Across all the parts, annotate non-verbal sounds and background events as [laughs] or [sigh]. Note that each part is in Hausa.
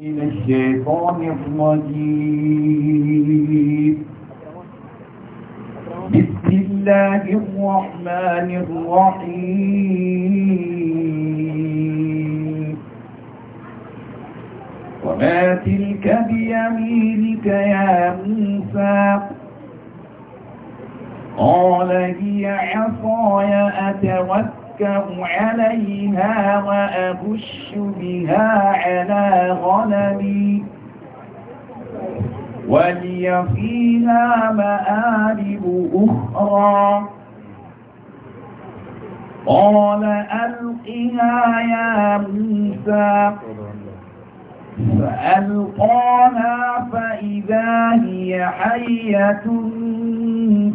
من الشيطان الرجيم بسم الله الرحمن الرحيم وما تلك بيمينك يا موسى قال هي عصاي أتوكل أركب عليها وأبش بها على غنمي ولي فيها مآرب أخرى قال ألقها يا موسى فألقاها فإذا هي حية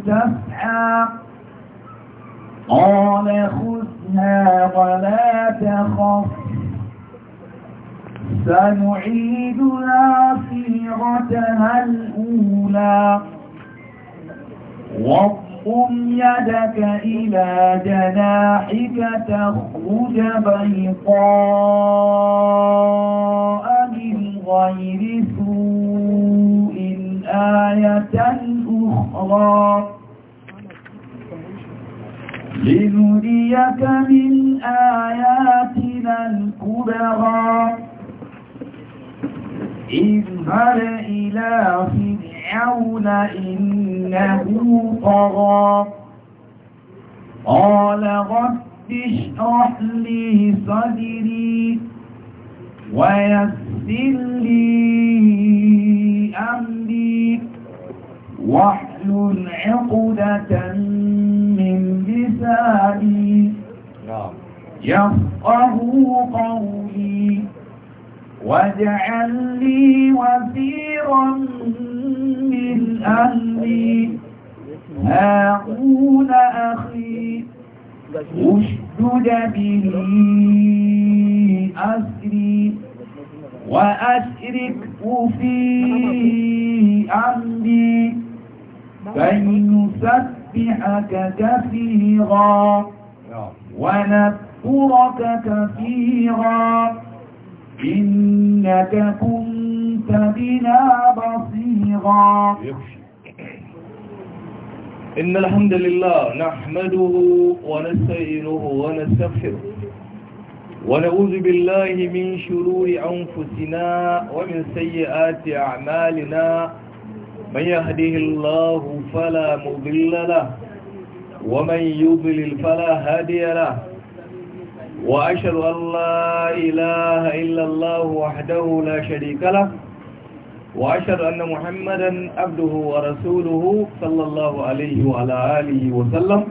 تسعى قال خذها ولا تخف سنعيدها سيرتها الأولى واضم يدك إلى جناحك تخرج بيضاء من غير سوء آية أخرى لنريك من آياتنا الكبرى اذهب إلى فرعون إنه طغى قال رب اشرح لي صدري ويسر لي أمري واحلل عقدة من لساني نعم. يفقه قولي واجعل لي وزيرا من أهلي هاقون أخي اشدد به أسري وأشركه في أمري كي نسبح نسبحك كثيرا ونذكرك كثيرا إنك كنت بنا بصيرا إن الحمد لله نحمده ونستعينه ونستغفره ونعوذ بالله من شرور أنفسنا ومن سيئات أعمالنا من يهده الله فلا مضل له ومن يضلل فلا هادي له وأشهد أن لا إله إلا الله وحده لا شريك له وأشهد أن محمدا عبده ورسوله صلى الله عليه وعلى آله وسلم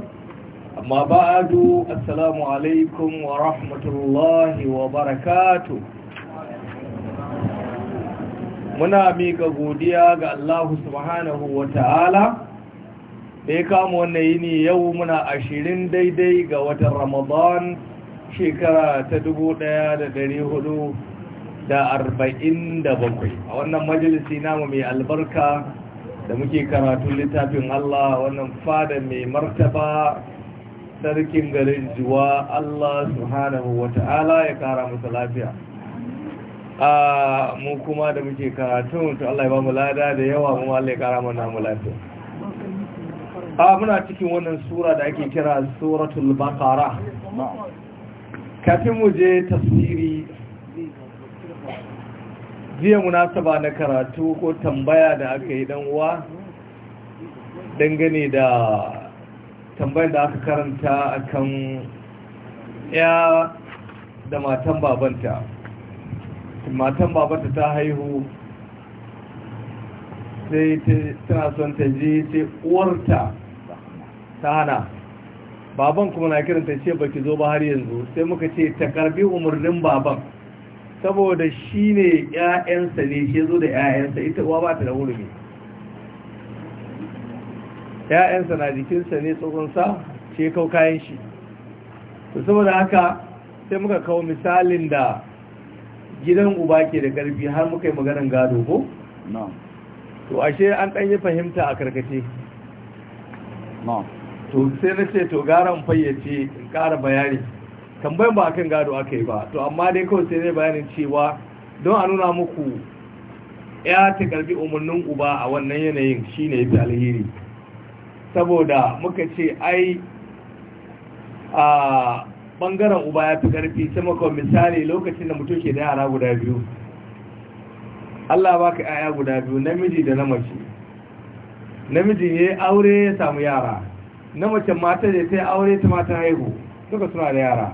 أما بعد السلام عليكم ورحمة الله وبركاته muna miƙa godiya ga Allah subhanahu wa ta'ala da ya kama wannan yini yau muna ashirin daidai ga wata Ramadan shekara ta dubu ɗaya da dari hudu da arba'in da bakwai a wannan majalisi namu mai albarka da muke karatun littafin Allah wannan fada mai martaba sarkin garin juwa Allah subhanahu wa ta'ala ya kara masa lafiya. a mu kuma da muke karatu to Allah ya ba mu lada da yawa mu Allah ya kara mana mu a muna cikin wannan sura da ake kira suratul baqara kafin mu je tafsiri jiya munasaba na karatu ko tambaya da aka yi dan uwa dangane da tambayar da aka karanta akan ya da matan babanta matan babata ta haihu sai tana son ta je sai uwarta ta hana baban kuma na kiranta ce baki zo ba har yanzu sai muka ce ta karbi umarnin baban saboda shi ne 'ya'yansa ne shi zo da 'ya'yansa ita uwa ba ta da ne. 'ya'yansa na jikinsa ne tsohonsa ce kau kayan shi saboda haka sai muka kawo misalin da gidan uba ke da ƙarfi har muka yi maganin gado ko? to ashe an ɗan yi fahimta a karkace to sai na ce to garan fayyace in ƙara bayani tambayin ba kan gado aka yi ba to amma dai kawai sai zai bayanin cewa don a nuna muku ya ta umarnin uba a wannan yanayin shine ya saboda muka ce ai a bangaren uba ya fi karfi ta maka misali lokacin da mutum ke da yara guda biyu Allah ba ka yaya guda biyu namiji da na namiji ya yi aure ya samu yara na mace mata da ta yi aure ta mata haihu duka suna da yara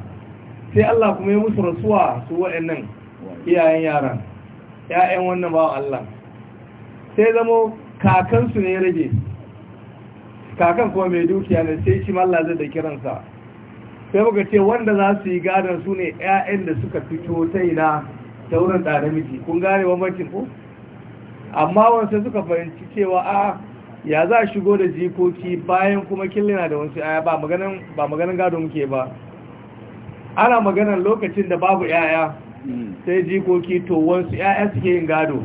sai Allah kuma ya musu rasuwa su waɗannan iyayen yaran ‘ya'yan wannan ba Allah sai zamo kakansu ne ya rage kakan kuma mai dukiya ne sai shi mallah zai da kiransa sai muka ce wanda za su yi gadon su ne 'ya'yan da suka fito ta ina ta wurin ɗanamiji namiji kun gane bambancin ko amma wasu suka fahimci cewa a ya za shigo da jikoki bayan kuma killina da wasu yaya ba maganin gado muke ba ana maganin lokacin da babu yaya hmm. sai jikoki to wasu yaya suke yin gado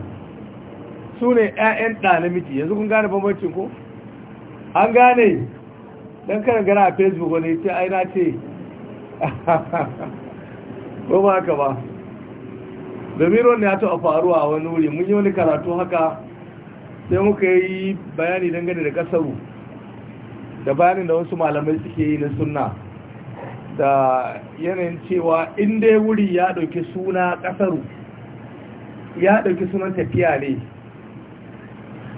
su ne yayan ɗanamiji namiji yanzu kun gane bambancin ko an gane dan kana gana a facebook wani ce aina ce [laughs] ko ba haka ba domin ruwan ya taɓa faruwa a wani wuri mun yi wani karatu haka sai muka yi bayani dangane da kasaru da bayanin da wasu malamai suke yi na sunna da yanayin cewa inda wuri ya ɗauki suna kasaru ya ɗauki sunan tafiya ne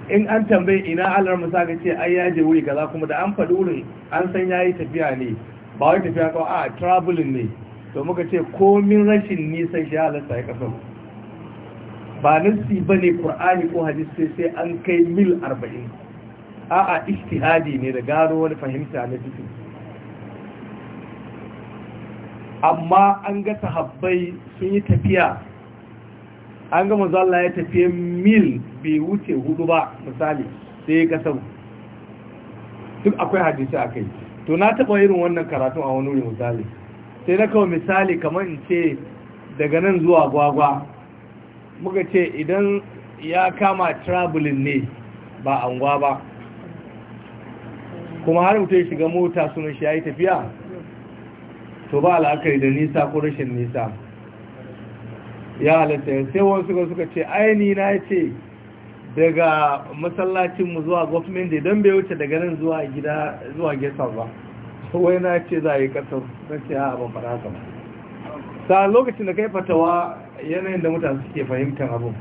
in an tambayi ina alar musa ga ce ai yaje wuri wuri kaza kuma da an faɗi wurin an san ya yi tafiya ne ba wani tafiya kawai a traveling ne to muka ce komin rashin nisan shi halatta ya kasar ba nassi ba ne ƙur'ani ko hadisai sai an kai mil arba'in a'a istihadi ne da gano wani fahimta na jikin amma an ga sahabbai sun yi tafiya an ga mazalla ya tafiye mil bai wuce hudu ba misali sai ya kasau duk akwai hadisi a kai to na taɓa irin wannan karatu a wani wurin misali sai na kawo misali kamar in ce daga nan zuwa gwagwa muka ce idan ya kama traveling ne ba anguwa ba kuma har mutu ya shiga mota suna shi ya yi tafiya to ba la'akari da nisa ko rashin nisa ya halatta sai wasu suka ce aini na ya ce daga masallacinmu zuwa government da don bai wuce daga nan zuwa gida zuwa gesa ba wai na ce za a yi kasar na ce ha abin fara ba sa lokacin da kai fatawa yanayin da mutane suke fahimtar abin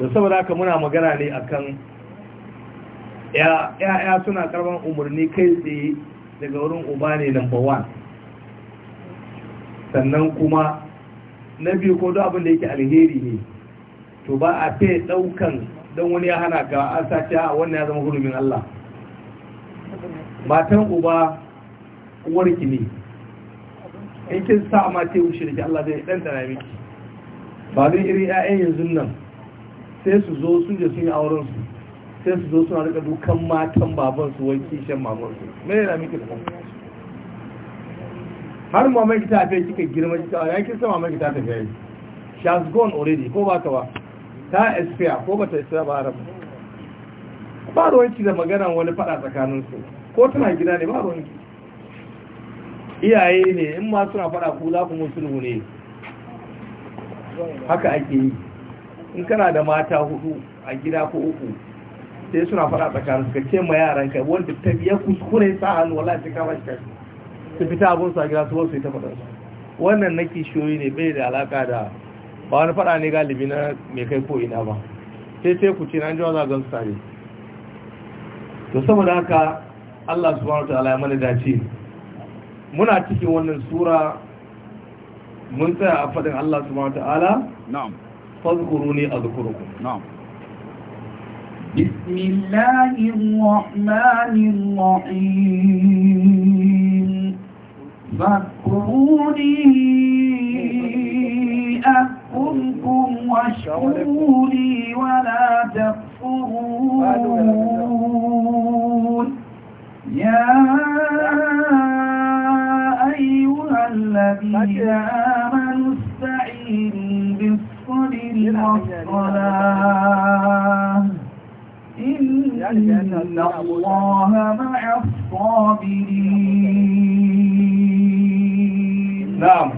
da saboda haka muna magana ne akan ya'ya suna karban umarni kai tsaye daga wurin uba ne number one sannan kuma na biyu ko da abin da yake alheri ne to ba a fe daukan don wani ya hana ka an sace a wannan ya zama hurumin Allah matan uba uwarki ne in kin sa ma ce wuce da Allah zai dan tana miki ba zai iri ya'yan yanzu nan sai su zo su je sun yi auren su sai su zo suna rika dukan matan baban su wai kishin maman su me yana miki da har maman ki ta tafiya kika girma kika ya kin sa maman ki ta tafiya she has gone already ko ba ka ba ta expire ko ba ta expire ba arabu ba ruwanki da magana wani fada tsakaninsu ko tana gida ne ba ruwanki iyaye ne in ma suna fada ku za ku musulhu ne haka ake yi in kana da mata hudu a gida ko uku sai suna fada tsakaninsu ka ce ma yaran kai wanda ta biya kuskure sa hannu wala ta kama shi kai su fita abinsu a gida su wasu ita ta wannan nake shoyi ne bai da alaka da ba wani fada ne galibi na mai kai ko ina ba sai sai ku ce na jiwa za gan su tare to saboda haka Allah subhanahu ta'ala ya mana dace muna cikin wannan sura mun tsaya a fadin Allah subhanahu ta'ala na'am fadhkuruni azkurukum na'am بسم الله الرحمن الرحيم فاذكروني واشكروا لي ولا تكفرون يا أيها الذين آمنوا استعينوا بالصبر والصلاة إن الله مع الصابرين نعم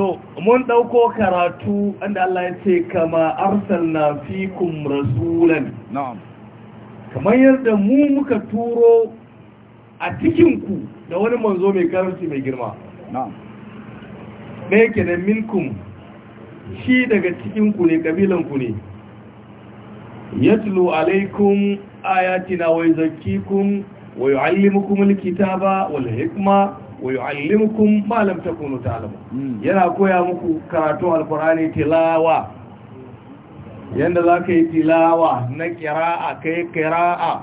to mun ɗauko karatu inda Allah ya ce kama arsalna fikum rasulan na'am kamar yadda mu muka turo a cikinku da wani manzo mai karanci mai girma na'am me yake da minkum shi daga cikinku ne ku ne yatlu alaikum ayatina wa yuzakkikum wa yuallimukum alkitaba wal hikma wa yu'allimukum ma lam takunu ta'lamun yana koya muku karatu alqur'ani tilawa yanda zaka yi tilawa na qira'a kai qira'a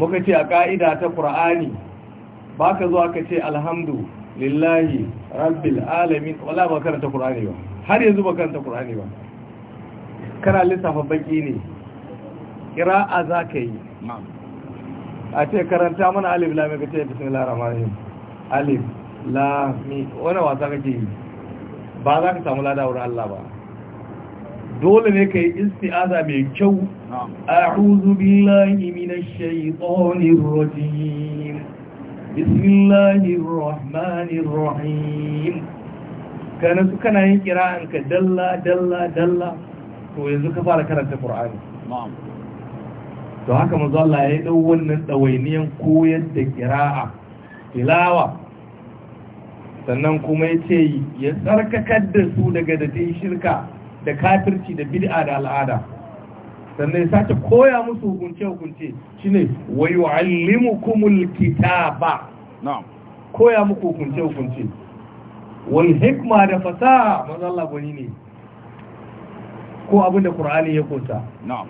muka ce a ka'ida ta qur'ani baka zo aka ce alhamdu lillahi rabbil alamin wala ba karanta qur'ani ba har yanzu ba karanta qur'ani ba kana lissafa baki ne qira'a zaka yi a ce karanta mana alif lam ka ce bismillahir rahmanir rahim alif lam wani wasa kake yi ba za ka samu lada wurin Allah ba dole ne ka yi isti'aza mai kyau a'udhu billahi minash shaitanir rajim bismillahir rahmanir rahim kana su kana yin kira'an ka dalla dalla dalla to yanzu ka fara karanta qur'ani na'am to haka manzo Allah ya dau wannan dawainiyan koyar da kira'a tilawa sannan kuma ya ce ya tsarkakar da su daga dadin shirka da kafirci da bid'a da al'ada sannan ya sace koya musu hukunce hukunce shine wa yu'allimukumul kitaba na'am koya muku hukunce hukunce wal hikma da fasaha manzo Allah gwani ne ko abinda Qur'ani ya kosa na'am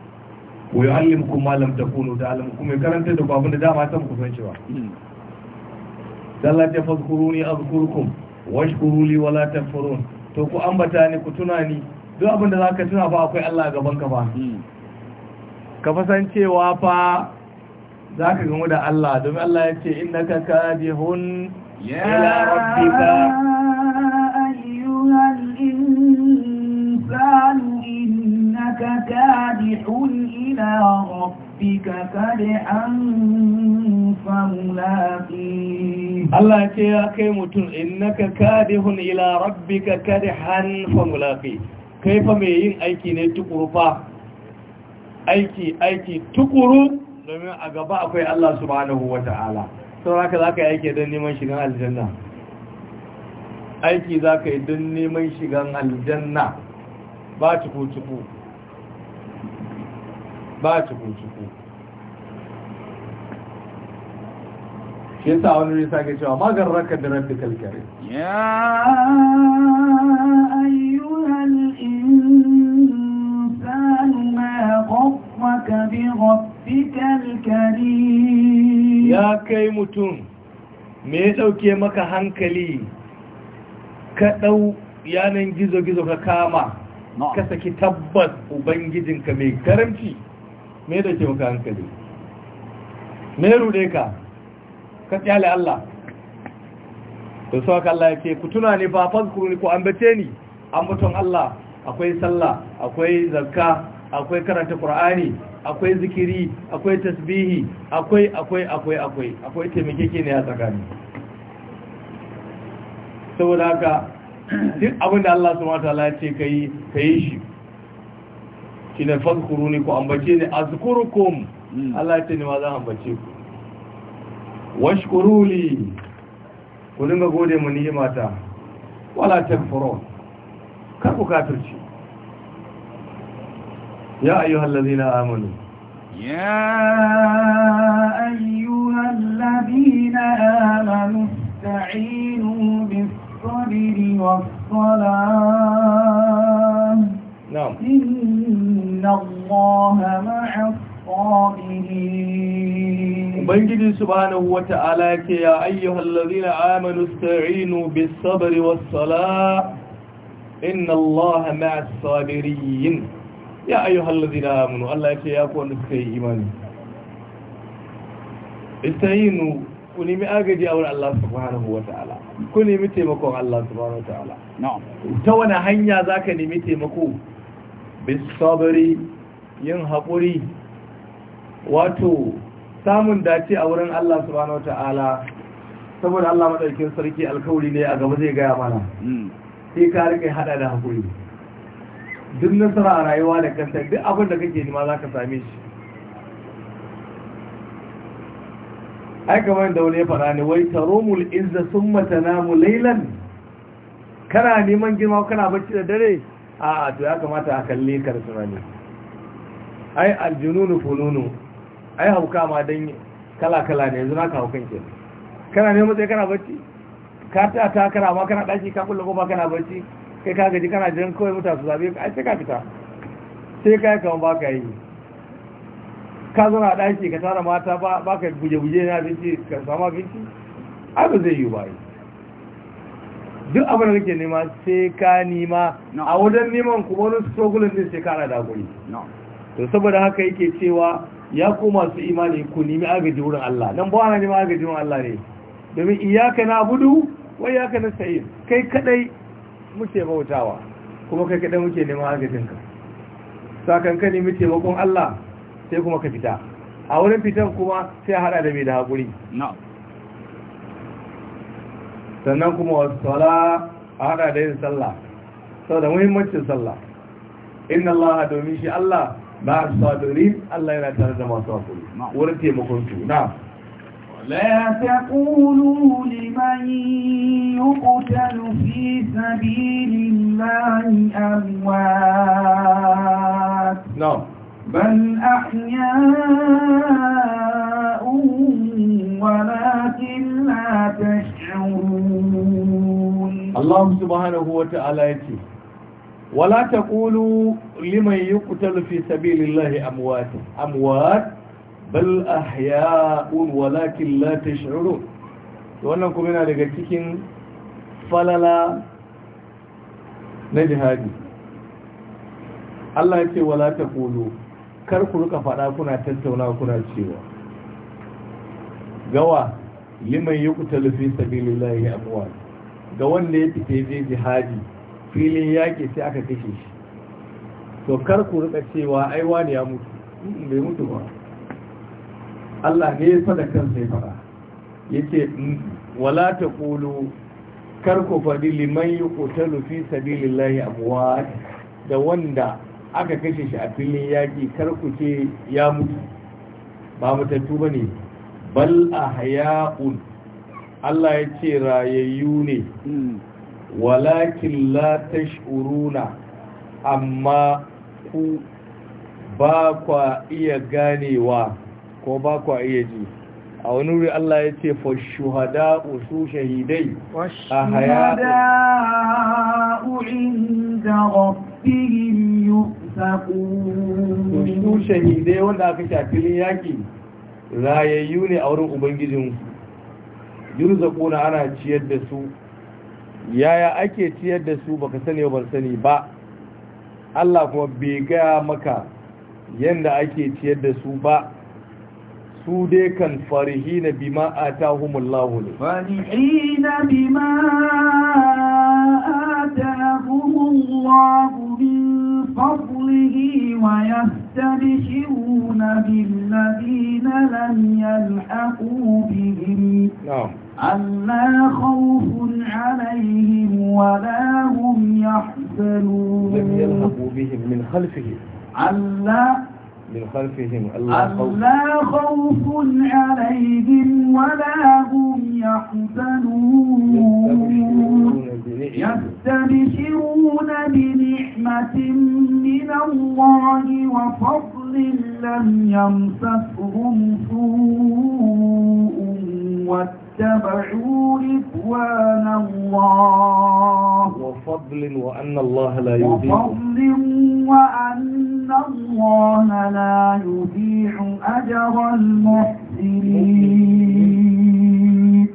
wa yu'allimukum ma lam takunu ta'lamun ya karanta da babu da dama ta muku san shi ba Allah ta fadkuruni azkurkum washkuru li wala tafurun to ku ambata ni ku tuna ni duk abin da zaka tuna ba akwai Allah gaban ka ba ka cewa fa zaka gamu da Allah domin Allah ya ce innaka kadihun ila rabbika ayyuhal insanu إنك كادح إلى ربك كدحا فملاقيه الله يا كيمة إنك كادح إلى ربك كدحا فملاقيه كيف ميين أيكي نتقر فاه أيكي أيكي تقر domin a gaba akwai Allah subhanahu wa ta'ala sauraka za ka yi aiki don neman shigan aljanna aiki za ka yi don neman shigan aljanna ba cuku ba cuku-cuku shi yasa wani risa ke cewa magar raka da rabbi kalkare ya ya kai mutum me ya dauke maka hankali ka dau yanan gizo-gizo ka kama ka saki tabbas ubangijinka mai karamci me da ke maka hankali me rude ka ka tsale Allah to so ka Allah yake ku tuna ne ba ne? ku ambace ni ambaton Allah akwai sallah akwai zakka akwai karanta qur'ani akwai zikiri akwai tasbihi akwai akwai akwai akwai akwai taimakeke ne a tsakani saboda haka duk abinda Allah subhanahu wataala ya ce kai kai shi shine fadkuru ni ku ambace ni azkurukum hmm. Allah ya ce ni ma za zan ambace ku washkuruli ku dinga gode mu mata wala takfurun kar ku kafirci ya ayyuhal ladina amanu ya ayyuhal ladina amanu ista'inu bis-sabri was-salah na'am Ubangiji Subhanahu wa ta’ala ke ya ayyuhar lalina aminu sta’inu bisabari wa tsala inna Allah ma’asabiriyin ya ayyuhar lalina aminu Allah ya ya kwanu suka imani. Ista’inu ku nemi agaji a wurin Allah Subhanahu wa ta’ala, ku nemi taimakon Allah Subhanahu wa ta’ala. Ta wane hanya za ka nemi taimako? bisabari yin haƙuri wato samun dace a wurin Allah subhanahu wata'ala saboda Allah madaukin sarki alkawari ne a gaba zai gaya mana sai ka rike hada da haƙuri duk nasara a rayuwa da kanta duk abin da kake nima za ka same shi ai kamar da wani ya faɗa ne wai taromul izza sun matana mu lailan kana neman girma kana bacci da dare a'a to ya kamata a kalli ka tunani ai aljununu fununu ai hauka ma dan kala-kala ne yanzu naka haukan ke kana ne matsayi kana bacci ka ta ta kana ma kana daki ka kulle goma kana bacci kai ka gaji kana jiran kawai mutane su zabe ai sai ka fita sai kai kaman ba ka yi ka zo na daki ka tara mata ba ka guje-guje na abinci ka sama abinci ai zai yi ba yi duk abin da kake nema sai ka nima a wajen neman kuma wani struggle din sai kana da guri to saboda haka yake cewa ya ku masu imani ku nemi agaji wurin Allah nan ba wani nema agaji wurin Allah ne domin iyaka na budu wa iyaka na sayin kai kadai muke bautawa kuma kai kadai muke neman agajinka sakan ka nemi taimakon Allah sai kuma ka fita a wurin fitan kuma sai hada da mai da haƙuri sannan kuma wasala a hada da yin sallah sau da muhimmancin sallah inna Allah domin shi Allah ba a suwa domin Allah yana tare da masu wasu wurin taimakon su na لا تقولوا لمن يقتل في سبيل الله أموات نعم بل أحياء ولكن لا Allah subhanahu wa ta’ala ya ce, Wala ta ƙulu liman yi kutar fi sabi lillahi amuwat, bal a ya’un walakin lati shiru. Wannan kuma yana daga cikin falala na jihadi. Allah ya ce, Wala ta kar ku ruka faɗa kuna tattauna kuna cewa. Gawa liman yuqtalu fi sabilillahi amwal ga wanda ya fita je jihadi filin yaƙi sai aka kashe shi to kar ku rika cewa ai wani ya mutu mm, bai mutu ba Allah ne ya fada kansa ya fada yace mm, wala taqulu kar ku fadi liman yuqtalu fi sabilillahi amwat da wanda aka kashe shi a filin yaki kar ku ce ya mutu ba mutattu bane bal ahya'un Allah ya ce rayayyu ne walakin la tash'uruna amma ku ba kwa iya ganewa ko ba kwa iya ji a wani wuri Allah ya ce fa shuhada usu shahidai a haya'u su shahidai wanda aka shafi yaki rayayyu ne a wurin ubangijin yurzaquna ana ciyar da su yaya ake ciyar da su baka sani ba sani ba Allah kuma bai gaya maka yanda ake ciyar da su ba su dai kan farihina bima atahumullahu ne farihina bima atahumullahu min fadlihi wa يستبشرون بالذين لم يلحقوا بهم نعم. ألا خوف عليهم ولا هم يحزنون لم يلحقوا بهم من خلفهم ألا من خلفهم ألا خوف ألا خوف عليهم ولا هم يحزنون يستبشرون بنعمة من الله وفضل لم يمسسهم سوء واتبعوا رضوان الله وفضل وأن الله لا يضيع وفضل وأن الله لا يضيع أجر المحسنين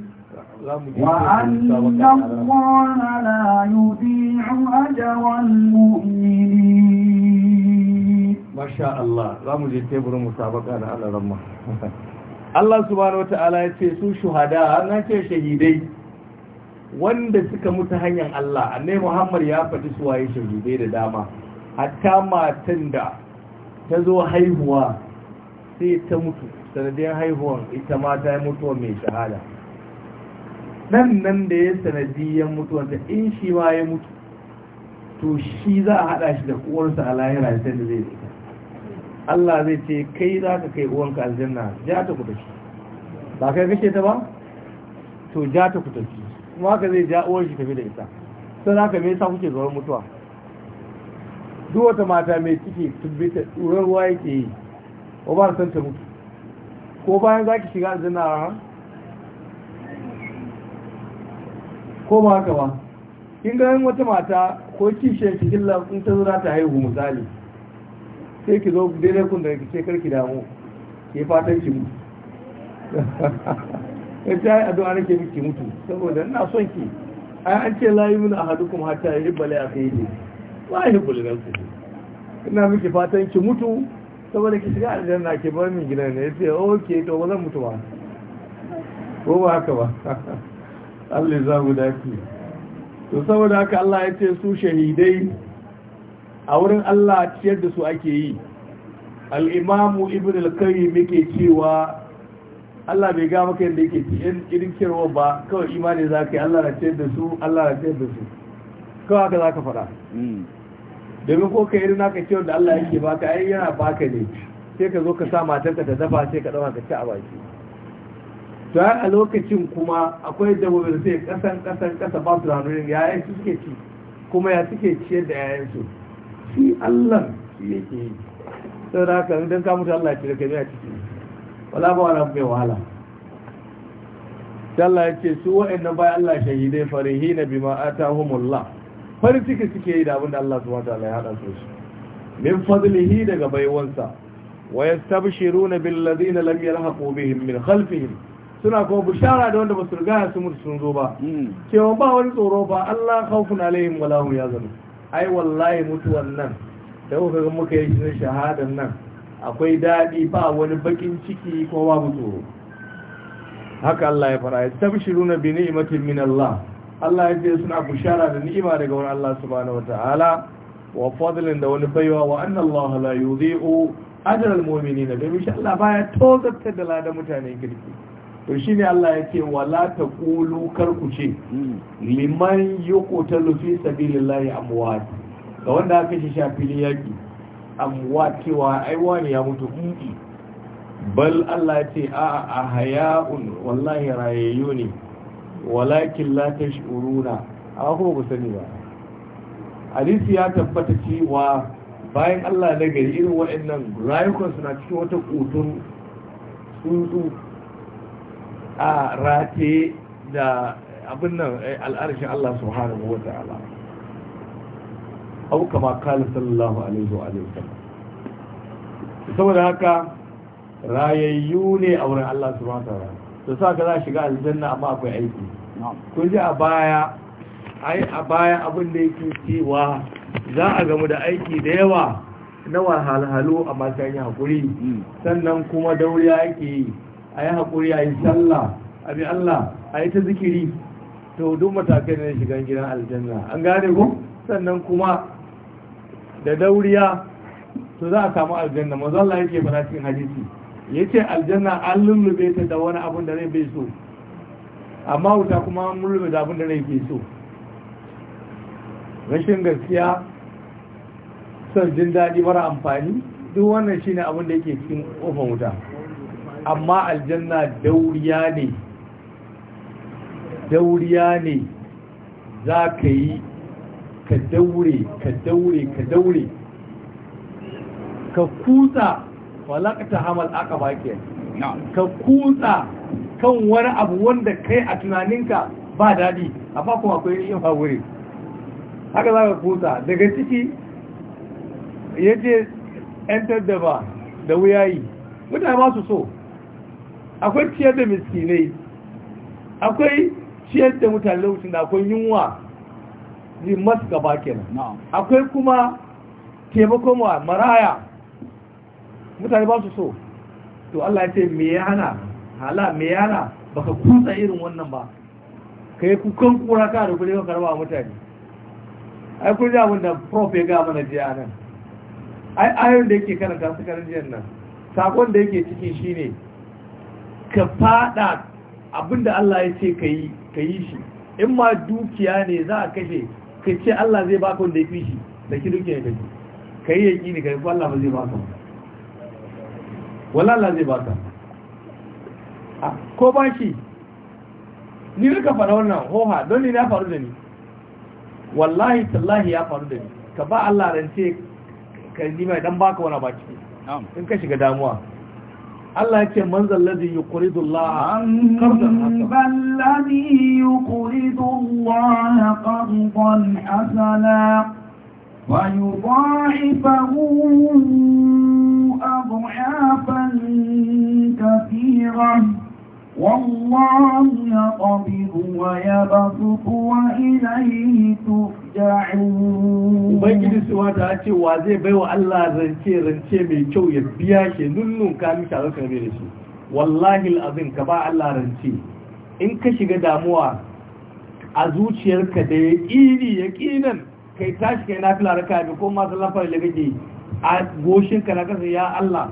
وأن الله لا يضيع أجر المؤمنين ما شاء الله لا مجد تبر مسابقة على رمه Allah subhanahu wata'ala ya ce su shuhada na ce shahidai wanda suka mutu hanyar Allah annai Muhammad ya faɗi su waye shahidai da dama hatta matan da ta zo haihuwa sai ta mutu sanadiyar haihuwan ita ma ta yi mutuwa mai shahada nan nan da ya sanadiyar mutuwa ta in shi ma ya mutu to shi za a haɗa shi da uwarsa a lahira ta da zai zai Allah zai ce kai za ka kai uwanka aljanna ja ta ku tafi ba kai kashe ta ba to ja ta ku tafi kuma ka zai ja uwanshi tafi da ita sai haka mai sa kuke tsoron mutuwa duk wata mata mai ciki tubbita tsoron ruwa yake yi ko ba san ta mutu ko bayan za ki shiga aljanna a ko ba haka ba kin ga wata mata ko kishiyar cikin lafin ta zura ta haihu misali sai ki zo daidai kun da ce karki damu ke fatan ki mutu ya ta yi addu'a nake miki mutu saboda ina son ki ai an ce layi mun a hadu kuma hata yi bale a kai ne ba yi bulgar su ina miki fatan ki mutu saboda ki shiga aljanna ke bar min gidan ne yace oke to ba zan mutu ba ko ba haka ba [laughs] Allah ya zagu dafi to saboda haka Allah ya ce su shahidai a wurin Allah ciyar da su ake yi al'imamu ibn al kari muke cewa Allah bai ga maka yadda yake ciyar irin kirwa ba kawai imani za ka yi Allah na ciyar da su Allah na ciyar da su kawai haka za ka faɗa hmm. domin ko ka yi haka ciyar da Allah yake baka ai yana ka ne sai ka zo ka sa matarka ta dafa sai ka dama ka ci a baki to a lokacin kuma akwai dabbobin sai kasan kasan kasa ba su da hannun ya su suke ci kuma ya suke ciyar da su shi Allah yake sai ka idan ka mutu Allah ya cire kai a ciki wala ba wala mai wahala sai Allah ya ce su wa'annan bai Allah shahidai farihina bima atahumullah farin ciki suke yi da abin da Allah subhanahu wa ta'ala ya hada su min fadlihi daga baiwansa wa yastabshiruna bil ladina lam yalhaqu bihim min khalfihim suna kuma bishara da wanda ba su riga su mutu sun zo ba hmm. cewa ba wani tsoro ba Allah khawfun alaihim wala hum yazanun ai wallahi mutuwan nan da kuka ga muka yi shi shahadan nan akwai daɗi ba wani bakin ciki ko babu tsoro haka Allah ya fara ya na bi ni'matin min Allah Allah ya ce suna bushara da ni'ima daga wani Allah subhanahu wata'ala wa fadlin da wani baiwa wa anna Allah la yudhi'u ajral mu'minina bi insha Allah baya tozatta da ladan mutanen kirki to ne Allah ya ce la ta kar ku ce liman yuqtalu fi lillahi amuwat ga wanda aka shi shafili yaki amuwat cewa aiwa ne ya mutu bal Allah ya ce a a haya'un wallahi rayayyo ne walakin la uruna a ko ba sani ba hadisi ya tabbata cewa bayan Allah na gari irin waɗannan rayukansu na cikin wata kotun tsuntsu a rataye da abin nan eh, al'arshi Allah subhanahu wa ta'ala au kama kala sallallahu alaihi wa alihi saboda haka rayayyu ne a wurin Allah subhanahu wa ta'ala to saka za shiga aljanna amma akwai aiki kun ji a baya ai a baya abin da yake cewa za a gamu da aiki da yawa na wahalhalu amma sai ya hakuri mm. sannan kuma dauriya yake yi a yi haƙuri a yi sallah a bi Allah a yi ta zikiri to duk matakai na shiga gidan aljanna an gane ku sannan kuma da dauriya to za a samu aljanna manzo Allah ke fara cikin hadisi ce aljanna an lullube ta da wani abun da zai bai so amma wuta kuma an lullube da abun da zai ke so rashin gaskiya son jin daɗi mara amfani duk wannan shine abun da yake cikin ofan wuta amma aljanna dauriya ne dauriya ne za ka yi ka daure ka daure ka daure ka kusa walakata hamal aka bakiya ka kusa kan wani abu wanda kai a tunaninka ba daɗi amma kuma akwai yin fawuri haka za ka kusa daga ciki yaje yan da ba da wuyayi mutane ba su so akwai ciyar da miskinai akwai ciyar da mutane lokacin da akwai yunwa zimas gaba kenan akwai kuma taimakon wa maraya mutane ba su so to Allah ya ce me ya hana hala me ya hana baka kusa irin wannan ba ka yi kukan kura ka da kudi ka karba mutane ai kun ja wanda da prof ya ga mana jiya nan ai ayon da yake karanta su karin jiyan nan sakon da yake ciki shine ka fada abinda Allah ya ce ka yi ka yi shi in ma dukiya ne za a kashe ka ce Allah zai baka wanda ya fi shi da ki dukiya ya kashe ka yi yaki ne ka yi Allah ba zai baka wala Allah zai baka ko ba shi ni ne ka fara wannan hoha don ne ya faru da ni wallahi tallahi ya faru da ni ka ba Allah rance ka yi mai dan baka wani ba ciki in ka shiga damuwa Allah yake manzal ladhi yuqridu Allah qardan ladhi yuqridu Allah qardan hasana wa yudha'ifahu adhafan kathira والله يقبض ويبسط وإليه ترجعون ubangiji suwa ta ce wa zai baiwa Allah rance rance mai kyau ya biya shi nunnun ka mishi a zakar da shi wallahi alazim ka ba Allah rance in ka shiga damuwa a zuciyarka da ya ƙini ya ƙinan kai tashi kai na fila raka bi ko masu lafar da kake a goshinka na kasa ya Allah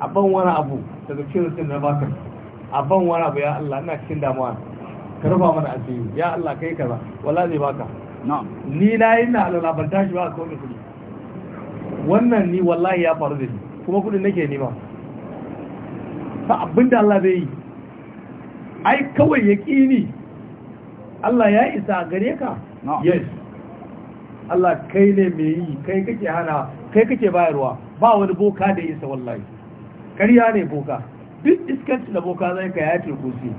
a ban wani abu daga cikin na bakar a ban wani abu ya Allah ina cikin damuwa ka rufa mana asiri ya Allah kai kaza wala zai baka ni na yi na alalabanta shi ba a kawai kudi wannan ni wallahi ya faru da ni kuma kudi nake nema ta abinda Allah zai yi ai kawai ya ni Allah ya isa gare ka yes Allah kai ne mai yi kai kake hana kai kake bayarwa ba wani boka da isa wallahi ƙarya ne boka duk iskanci da boka zai ka ya teku si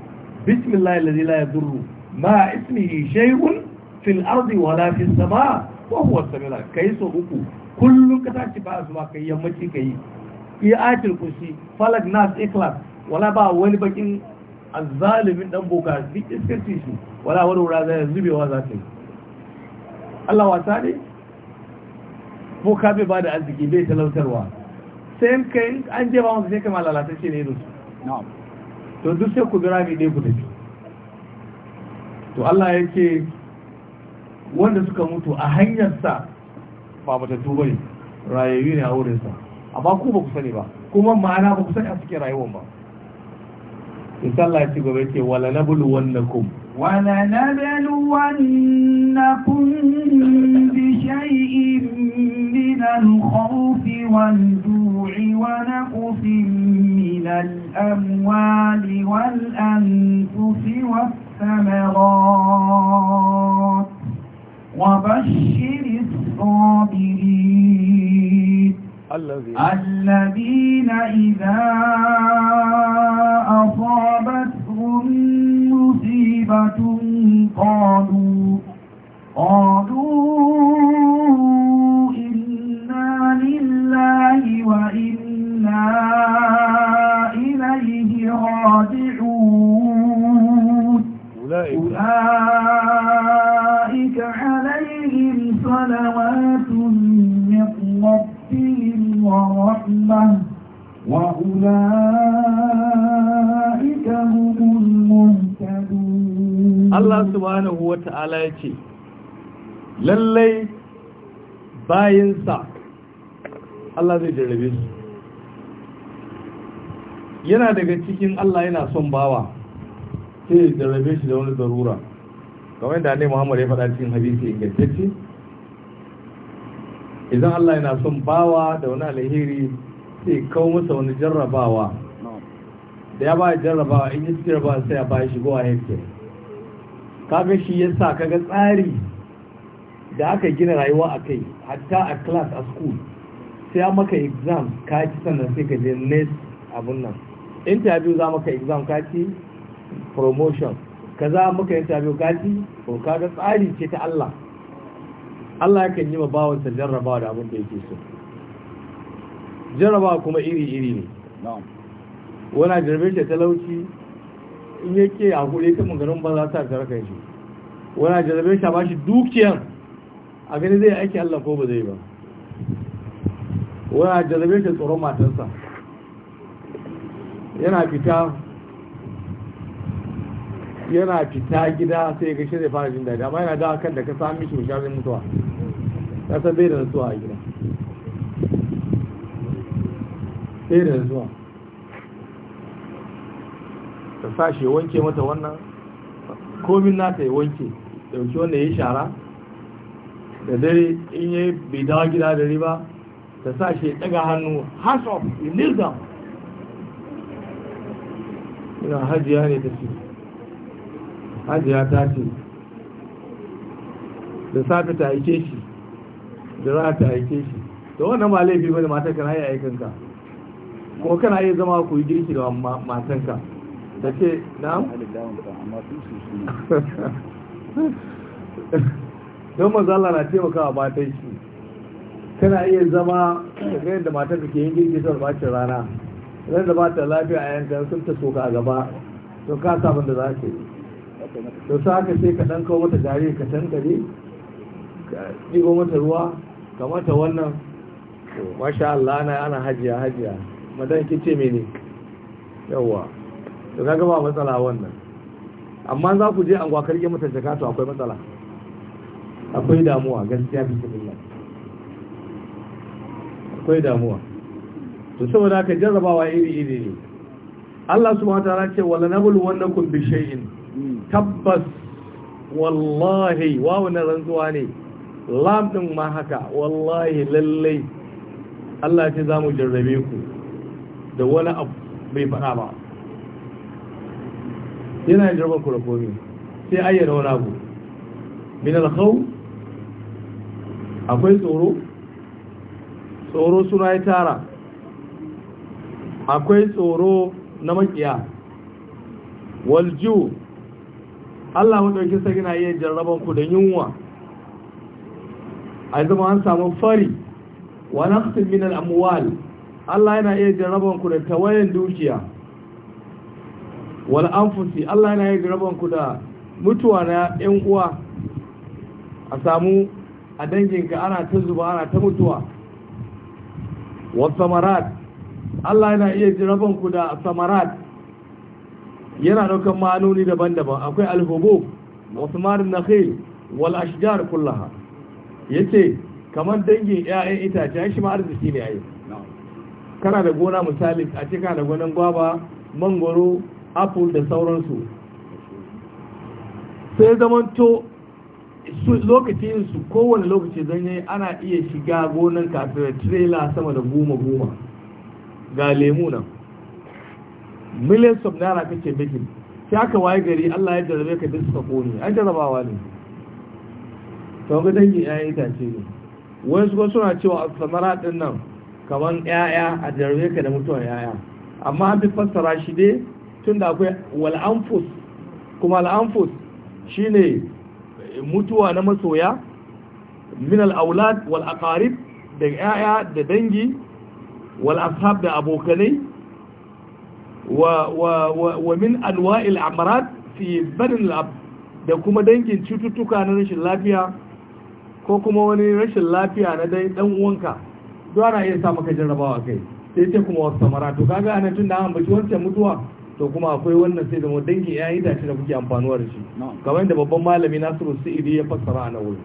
bismillah lalzi la ya duru ma ismihi shay'un fil ardi wa lafi sama ko huwa samila yi so uku kullum ka tashi ba zuwa yi yammaci ka yi, kai iya ayatul kursi falak nas ikhlas wala ba wani bakin azalimin dan boka duk iskanci shi wala wani wura zai zubewa za ta yi Allah wasa ne boka bai ba da arziki bai talautarwa sai kai an je ba mu sai kama lalatacce ne dusu, to duk sai ku bira mai dai ku tafi to Allah ya ce wanda suka mutu a hanyarsa ba ba ta tuba ne rayayyu ne a wurinsa amma ku ba ku sani ba kuma ma'ana ba ku sani a cikin rayuwar ba in sallah ya ci gaba ce wala wannan wannakum ولنبلونكم بشيء من الخوف والجوع ونقص من الأموال والأنفس والثمرات وبشر الصابرين الذين إذا أصابتهم طيبة قالوا قالوا إنا لله وإنا إليه راجعون أولئك عليهم صلوات من ربهم ورحمة وأولئك Allah subhanahu wa ta'ala ya ce lallai bayinsa Allah zai jarrabe su yana daga cikin Allah yana son bawa sai ya jarrabe shi da wani zarura kamar da ne Muhammad ya faɗa cikin hadisi ingantacce idan Allah yana son bawa da wani alheri sai kawo masa wani jarrabawa da ya ba jarrabawa in yi jarrabawa sai ya ba shi a yake kaga shi yasa kaga tsari da aka gina rayuwa a kai hatta a class a school sai ya maka exam ka ci sannan sai ka je next abun nan interview za maka exam ka ci promotion ka za maka interview ka ci ko kaga tsari ce ta Allah Allah ya kan yi ma bawansa jarrabawa da abin da yake so jarrabawa kuma iri-iri ne wani jarbe shi talauci in ya ke a ta maganin ba za ta tarka shi wani jazabe shi ba shi dukiyar a gani zai aiki Allah ko ba zai ba wani jazabe shi tsoron matarsa yana fita yana fita gida sai ga shi zai fara jin daji amma yana da kan da ka sami shi musharin mutuwa ya san bai da nasuwa a gida bai da nasuwa ta sa shi wanke mata wannan komin nata ya wanke dauki wanda ya shara da dare in yi bai dawa gida da riba ta sa shi daga hannu hands off, you kneel down ina hajiya ne ta ce hajiya ta ce da safi ta aike shi da za ta aike shi da wannan ba laifi ba da matakan hanyar aikanka ko kana yi zama ku yi girki da matanka take ce [laughs] don mazala na taimakawa matan shi tana iya zama daga yadda matar da ke yin sau ba bacin rana ran da ba ta lafiya a yankan sun ta soka a gaba to ka sabon da za ka yi to sa haka sai ka kawo mata jari ka tangare ka ɗigo mata ruwa ka mata wannan masha Allah ana hajiya hajiya madan kice mene yawwa da kaga ba matsala wannan amma za ku je an gwakar mata jaka to akwai matsala akwai damuwa gaskiya bisa billah akwai damuwa to saboda aka jarrabawa iri iri ne Allah su wa ra ce wala nablu wannakum bi shay'in tabbas wallahi wawu na rantsuwa ne lam ma haka wallahi lallai Allah ce za mu jarrabe ku da wani abu bai faɗa ba yana yin jirgin kura komi sai ayyana wani abu min alkhau akwai tsoro tsoro suna ya tara akwai tsoro na makiya walju Allah maɗauki sa gina iya jarraban ku da yunwa a zama an samu fari wa naqsin min al’amuwal Allah yana iya jarraban ku da tawayen dukiya wal anfusi Allah yana yi rabon ku da mutuwa na yan uwa a samu a danginka ana ta zuba ana ta mutuwa wa samarat Allah yana iya jiraban ku da samarat yana daukan ma'anoni daban-daban akwai alhubu wasu marin nakhil wal ashjar kullaha yace kamar dangin ƴaƴan itace shi ma arziki ne ayi kana da gona misali a ce kana da gonan gwaba mangoro apple da sauransu sai zamanto lokacinsu kowane lokaci zanye ana iya shiga gonan kafin trailer sama da goma goma ga lemu nan millions of naira kake bikin sai aka waye gari allah ya jarabe ka bisa kone an jarabawa ne Ta ga dangi ya yi tace ne wani su suna cewa a samara din nan kamar 'ya'ya a jarabe ka da mutuwar 'ya'ya amma an fi fassara shi dai Tunda akwai wal'amfus kuma al'amfus shine mutuwa na masoya min al'aulat wal da 'ya'ya da dangi wal'ashab da abokanai wa min alwa'il amarat fi barin lab da kuma dangin cututtuka na rashin lafiya ko kuma wani rashin lafiya na dai dan uwanka zuwa na iya sa maka jarrabawa kai sai ce kuma wasu samara to kaga ana tun da an baki wancan mutuwa to kuma akwai wannan sai mu dangin ya itace da kuke amfanuwa da shi kamar yadda babban malami nasiru sa'idi ya fassara a nan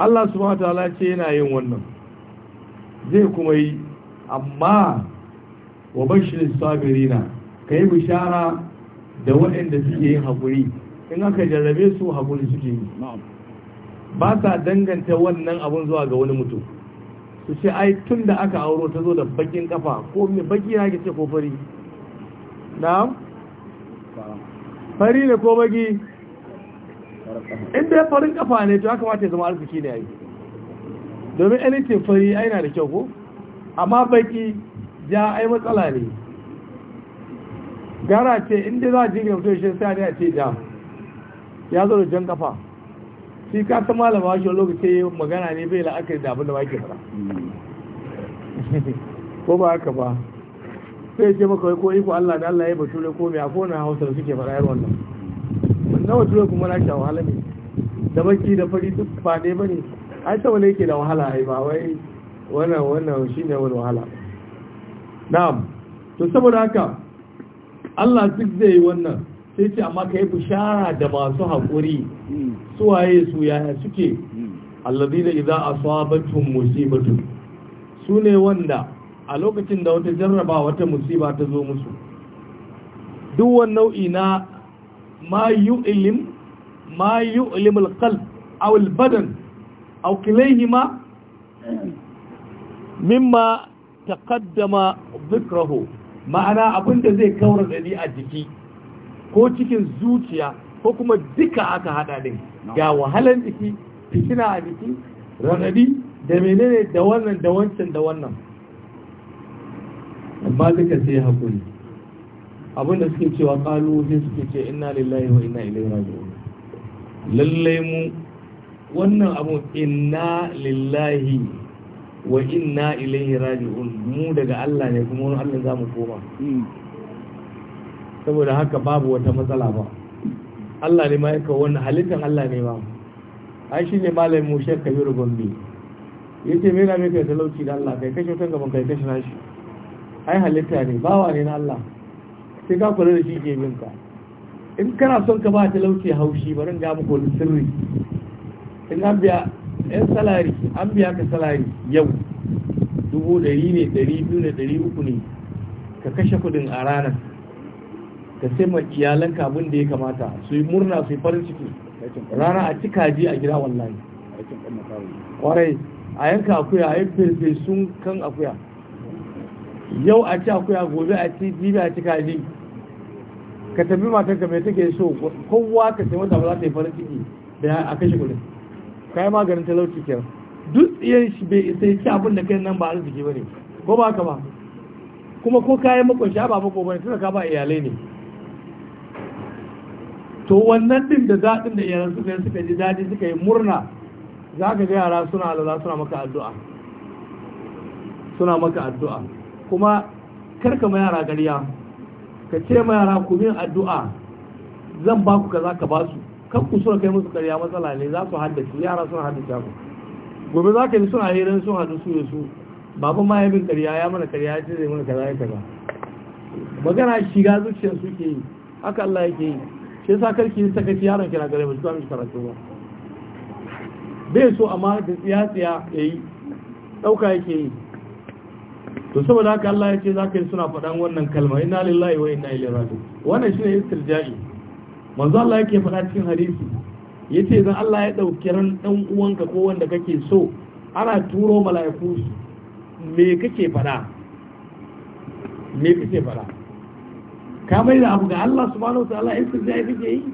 Allah subhanahu wataala ce yana yin wannan zai kuma yi amma wa bashir sabirina kai bishara da waɗanda suke yin haƙuri in aka jarrabe su hakuri suke yi ba sa danganta wannan abun zuwa ga wani mutum su ce ai tun da aka auro ta zo da bakin kafa ko mai baki ke ce ko fari na'am fari ne ko bagi inda ya farin kafa ne to ya kamata ya zama arziki ne yayi domin anything fari ai na da kyau ko amma baki ja ai matsala ne gara ce inda za a jirgin mutum shi sai a ce ja ya zo da jan kafa shi ka ta malama shi lokaci magana ne bai la'akari da abin da ba ke fara hmm. ko ba haka ba sai ce maka ko iko Allah da Allah ya bature ko mai a wani hausa da suke faɗa yar wannan nawa ture kuma na sha wahala ne da baki da fari duk ba ba ne ai ta wani yake da wahala ai ba wai wannan wannan ne wani wahala na'am to saboda haka Allah duk zai yi wannan sai ce amma ka yi bishara da masu haƙuri hmm. su waye su yaya suke hmm. allazi da idan asabatun musibatu su ne wanda a lokacin da wata jarraba wata musiba ta zo musu duwan nau'i na ma yu'lim ma yu'lim al aw al-badan aw kilayhima mimma taqaddama dhikrahu ma'ana abinda zai kaura dadi a jiki ko cikin zuciya ko kuma duka aka hada din ga wahalan jiki fitina a jiki radadi da menene da wannan da wancan da wannan ba duka sai hakuri abinda suke cewa kalu sai suke ce inna lillahi wa inna ilaihi raji'un lallai mu wannan abu inna lillahi wa inna ilaihi raji'un mu daga Allah ne kuma wani Allah za mu koma saboda haka babu wata matsala ba Allah ne ma yaka wannan halittar Allah ne ma ai shi ne malamin mu shekaru gombe yace me na me kai talauci da Allah kai kashe ta gaban kai kashe nashi ai halitta ne bawa ne na Allah sai ka kula da shi ke bin ka in kana son ka ba talauci haushi bari ga muku wani sirri in an biya yan salari an biya ka salari yau dubu ɗari ne ɗari biyu ne ɗari uku ne ka kashe kuɗin a ranar ka sai ma ka abin da ya kamata su yi murna su yi farin ciki rana a ci kaji a gida wallahi kwarai a yanka akuya a yi sun kan akuya yau a ci akuya gobe a ci jibi a ci kaji ka tafi matar ka mai take so kowa ka sai wata ba za ta yi farin ciki da a kashe kudin yi maganin talauci kyau duk tsiyan shi bai isa ya ci abin da kai nan ba arziki ba ne ko ba ka ba kuma ko yi makwanci ba mako ba ne tuna ka ba iyalai ne to wannan din da zaɗin da iyalan suka yi suka ji daɗi suka yi murna za ka ga yara suna alala suna maka addu'a suna maka addu'a kuma karka ma yara gariya ka ce ma yara ku min addu'a zan ba ku kaza ka ba su kan ku suna kai musu karya matsala ne za su haddace yara suna haddace ku gobe za ka ji suna hirin sun hadu su da su Babu ma ya bin ya mana karya ya ce zai mana kaza ya kaza magana shiga zuciyar su ke yi haka Allah yake yi shi yasa karki sakaci yaron kira gare ba shi kwamishi karatu ba bai so amma da tsiya tsiya ya yi ɗauka yake yi to saboda haka Allah ya ce za ka yi suna faɗan wannan kalma ina lillahi wa ina ilaihi raji'un wannan shine istirja'i manzo Allah yake faɗa cikin hadisi yace idan Allah ya dauki ran dan uwanka ko wanda kake so ana turo mala'iku me kake faɗa me kake faɗa ka mai da abu ga Allah subhanahu wa ta'ala istirja'i kake yi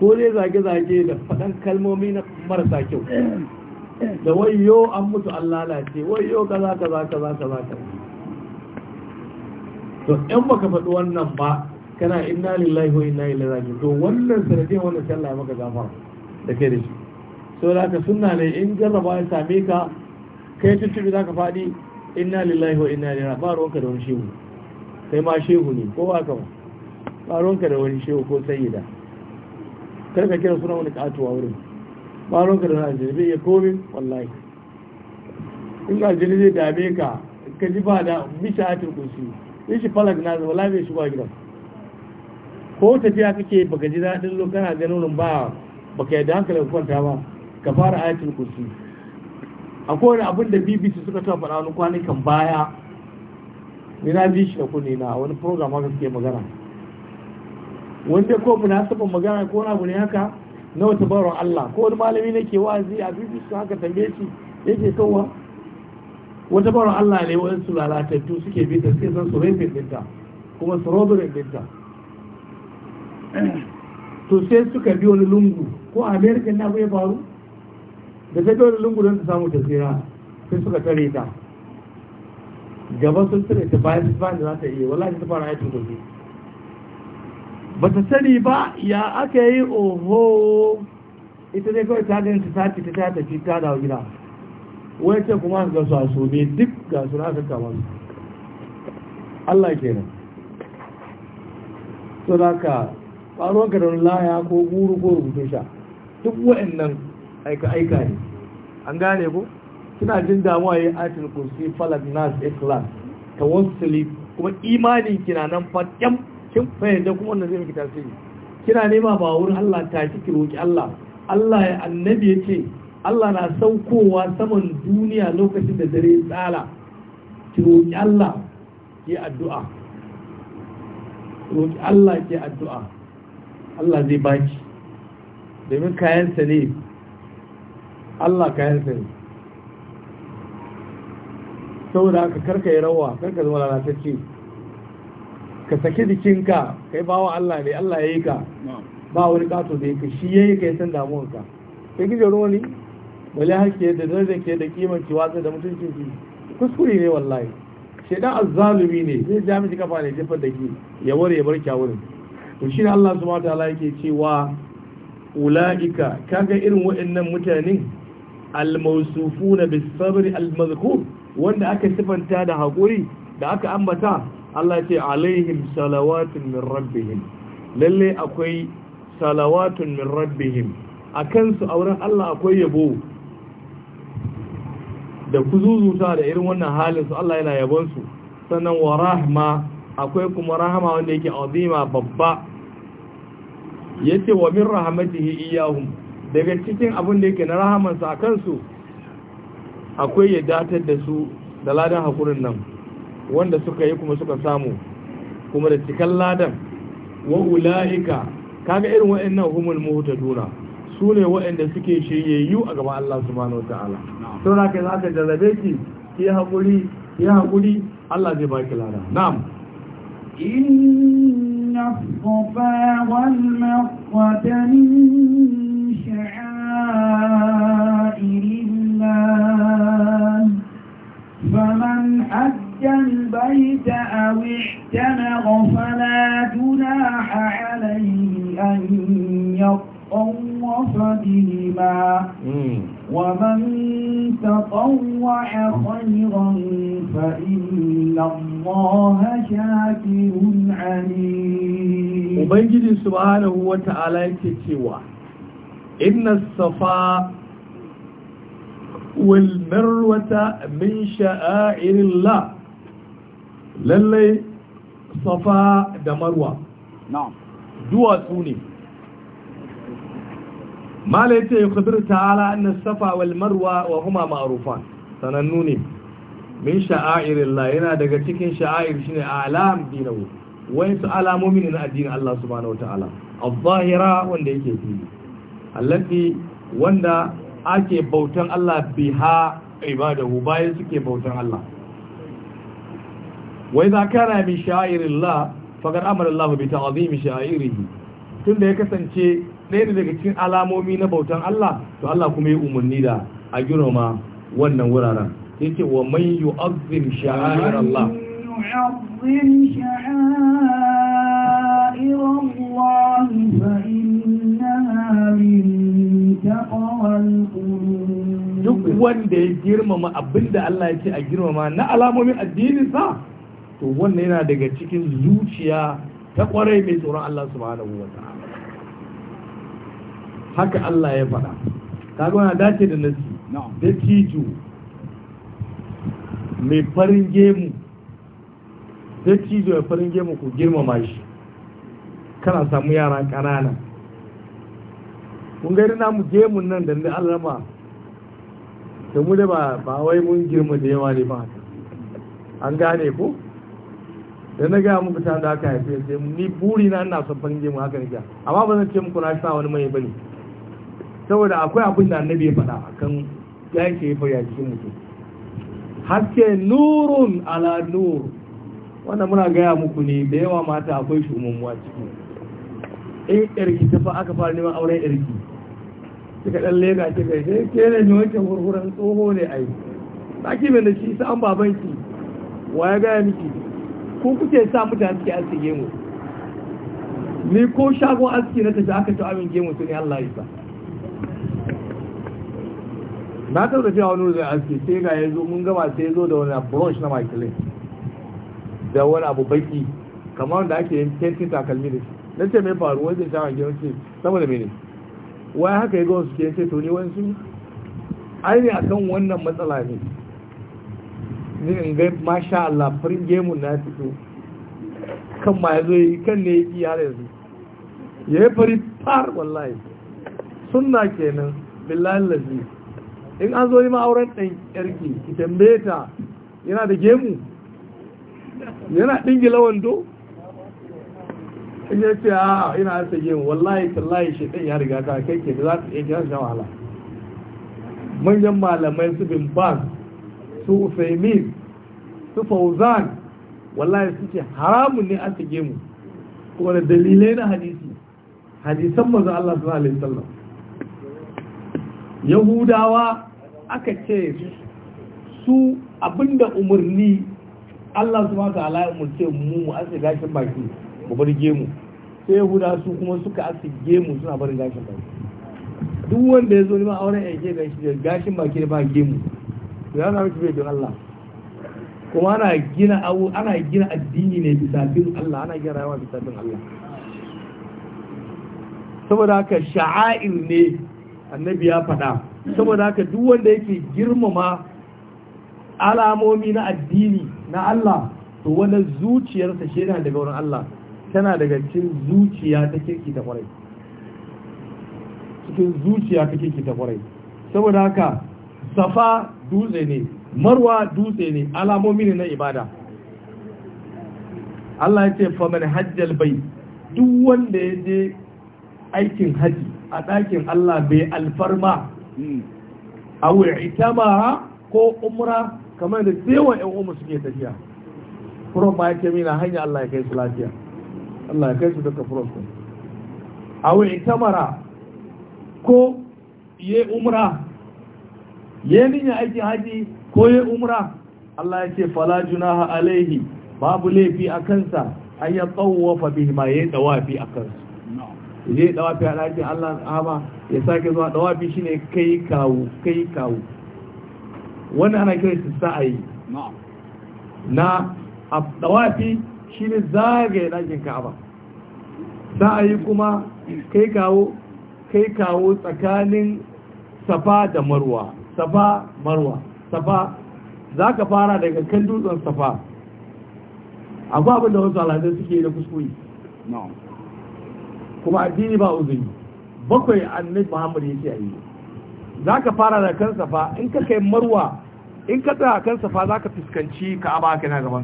ko dai zage-zage da faɗan kalmomi na marasa kyau da wayo an mutu an lalace wayo kaza kaza kaza kaza to in baka faɗi wannan ba kana inna lillahi wa inna ilaihi raji'un to wannan sanadin wannan sai Allah ya maka gafara da kai da shi so da ka sunna ne in jarraba ya same ka kai tuttubi zaka faɗi inna lillahi wa inna ilaihi raji'un ba ruwanka da wani shehu kai ma shehu ne ko ba ka ba ba ruwanka da wani shehu ko sayyida kar ka kira suna wani katuwa wurin ba ka da aljini zai iya komin wallahi in aljini zai dame ka ka ji ba da bisa atin kunsi in shi falak na zama lafiya shi ba gidan ko tafiya kake baka ji daɗin lokana ganin ba ka yadda hankalin kwanta ba ka fara ayatul kursi a kowane abin da bbc suka taɓa faɗa wani kwanakan baya ni na bi shi da kuni na wani program haka suke magana wanda ko saba magana ko na abu ne haka na wata baron Allah ko wani malami ke wa'azi a bibi su haka tambaye shi yake kawwa wata baron Allah ne wani su lalatattu suke bi ta suke san su rufe dinta kuma su robirin dinta to sai suka bi wani lungu ko a amerika na bai faru da ta bi wani lungu don ta samu tasira sai suka tare ta gaba sun tare ta bayan su bayan da za ta iya wala ta fara aikin da ba ta sani ba ya aka yi oho ita ne kawai ta gani ta sati ta tafi ta dawo gida wai ce kuma ga su a ne duk ga su na kama su Allah ke nan. da ka faruwar garin laya ko guru ko rubutun sha duk nan aika-aika ne an gane ku. suna jin damuwa yi atin kursi falak nas ta wasu sulif kuma imanin kina nan fatyam kin fahimta kuma wannan zai miki tasiri kina nema ba wurin Allah ta kike roki Allah Allah ya annabi ya ce Allah na saukowa saman duniya lokacin da dare tsala ki roki Allah ki addu'a roki Allah ki addu'a Allah zai baki domin kayansa ne Allah kayansa ne saboda ka karka yi rawa karka zama lalatacce ka saki jikinka kai bawa Allah ne Allah yayi ka ba wani kato da yake shi ya yi ka ya san damuwarka sai ki jaro ni bale hake da darajar ke da kiman ki da mutuncin ki kuskure ne wallahi shedan azzalumi ne zai ja miki kafa ne jefar da ki ya ware ya bar a wurin to shi ne Allah subhanahu wataala yake cewa ulaika kaga irin waɗannan mutanen almawsufuna bis sabr almadhkur wanda aka sifanta da hakuri da aka ambata Allah ce alaihim salawatun min rabbihim lalle akwai salawatun min rabbihim a kansu a wurin Allah akwai yabo da kuzuzuta da irin wannan halin su Allah yana yabonsu sannan wa rahma akwai kuma rahama wanda yake azima babba yace wa min rahmatihi iyahum daga cikin abin da yake na rahamansa a kansu akwai ya datar da su da ladan hakurin nan wanda suka yi kuma suka samu kuma da cikin ladan wa ula'ika kaga irin wa'annan humul muhtaduna su ne wa'anda suke shiryayyu a gaban Allah subhanahu wataala to na kai zaka jarrabe ki ki hakuri ki hakuri Allah zai baki lada na'am inna safa wal marwa sha'a بيت أو اعتمر فلا جناح عليه أن يطوف بهما ومن تطوع خيرا فإن الله شاكر عليم وبنجد سبحانه وتعالى كتوى إن الصفاء والمروة من شعائر الله lallai safa da marwa duwatsu ne mala ya ce kudur ta'ala na safa wal marwa wa huma ma'rufan sanannu ne min sha'airillah yana daga cikin sha'air shine alam dinawo wai su alamomin na addinin Allah subhanahu wataala al-zahira wanda yake fili allati wanda ake bautan Allah biha ibadahu bayan suke bautan Allah wa na kana min sha'irillah faqad amara Allah bi ta'zimi tun tunda ya kasance ɗaya ne daga cikin alamomi na bautan Allah to Allah kuma ya umarni da a girma wannan wuraren yake wa man yu'azzim sha'air Allah Allah duk wanda ya girmama abinda Allah ya ce a girmama na alamomin addinin sa to wannan yana daga cikin zuciya ta kwarai mai tsoron Allah subhanahu wa ta'ala haka Allah ya faɗa ga wani dace da nasi da tijo mai farin gemu da tijo mai farin gemu ku girmama shi kana samu yara ƙanana kun gari namu gemun nan da Allah alama da mu da ba wai mun girma da yawa ne ba an gane ko da na gaya muku ta da aka haife sai ni buri na ina son fange mu haka nake amma ba zan ce muku na sa wani mai bane saboda akwai abin da annabi ya faɗa akan yake ke fari a cikin mutum haske nurun ala nur wannan muna gaya muku ne da yawa mata akwai shumumuwa ciki in irki ta fa aka fara neman auren irki. kika dan lega ce kai sai eh, ke ne ne wancan hurhuran tsoho ne ai baki mai da shi sa an babanki wa ya gaya miki ku kuke sa mutane suke aski gemu ni ko shagon aski na tafi aka tawamin gemu su ne Allah ya sa na ta tafi wani zai aski sai ga ya zo mun gama sai ya zo da wani brush na makilin da wani abu baki kamar da ake yin tentin takalmi da shi na ce mai faru wajen zai gemu ce saboda mene wai haka ya ga wasu ke to ne wani su ainihin akan wannan matsala ne Ni in ga masha Allah farin gemun na fito kan ma ya zo yi kan ne ya har yanzu ya yi fari far wallahi sunna kenan billahi lazi in an zo ma auren ɗan yarki ki tambaye ta yana da gemu yana lawan do? in ya ce a ina harsa gemu wallahi tallahi shi ɗan ya riga ta kai ke da za su iya kira shi wahala manyan malamai su bin bank su Ufaimin su Fauzan wallahi suke haramun ne an tage mu kuma da dalilai na hadisi hadisan manzo Allah sallallahu alaihi wasallam Yahudawa aka ce su abinda umarni Allah su mata ala ya umarce mu mu asa gashin baki mu bar gemu sai Yahuda su kuma suka asa gemu suna barin gashin baki duk wanda ya zo neman auren yake gashin baki da ba gemu ya na miki bai bin Allah kuma ana gina abu ana gina addini ne bisa bin Allah ana gina rayuwa bisa bin Allah saboda haka sha'air ne annabi ya faɗa saboda haka duk wanda yake girmama alamomi na addini na Allah to wani zuciyarsa shi yana daga wurin Allah tana daga cikin zuciya ta kirki ta kwarai cikin zuciya ta kirki ta kwarai saboda haka safa dutse ne marwa dutse ne alamomi ne na ibada Allah ya ce faman hajjal bai duk wanda ya je aikin haji a ɗakin Allah bai alfarma a itama ko umra kamar da tsewa yan umar suke tafiya furon ma yake mina hanya Allah ya kai su lafiya Allah ya kai su duka furon su a itamara ko ye umra ya aiki aikin haji ko ya umra Allah ya ce fala junaha alaihi babu laifi a kansa an ya tsawafa bihi ma ya dawafi a kansu ya yi dawafi a ɗakin Allah ama ya sake zuwa dawafi ne kai kawo kai kawo wani ana kira su sa'ayi na dawafi ne zagaye ɗakin Ka'aba sa'ayi kuma kai kawo kai kawo tsakanin Safa da Marwa safa marwa safa za ka fara daga kan dutsen safa akwai abin da wasu alhazai suke yi da kuskure kuma addini ba uzuri bakwai annabi muhammad ya ce a yi za ka fara daga kan safa in ka kai marwa in ka tsaya kan safa za ka fuskanci ka aba ka na gaban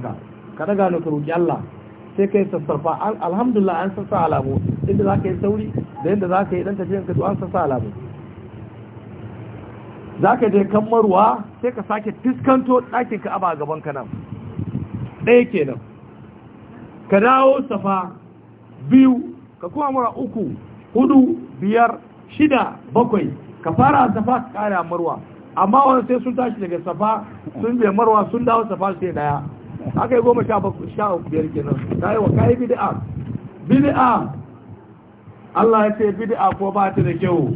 ka daga na ka roƙi allah sai kai sassarfa alhamdulillah an sassa alamu inda za ka yi sauri da yadda za ka yi dan tafiyan ka zuwa an sassa alamu za ka je kammarwa sai ka sake fiskanto ɗakin ka'aba a gaban ka nan ɗaya kenan ka dawo safa biyu ka kuma mura uku hudu biyar shida bakwai ka fara safa ka kare marwa amma wani sai sun tashi daga safa sun biya marwa sun dawo safa sai daya aka yi goma sha biyar kenan ta yi wa kayi bidi'a. Bidi'a Allah ya ce bidi'a ko ba ta da kyau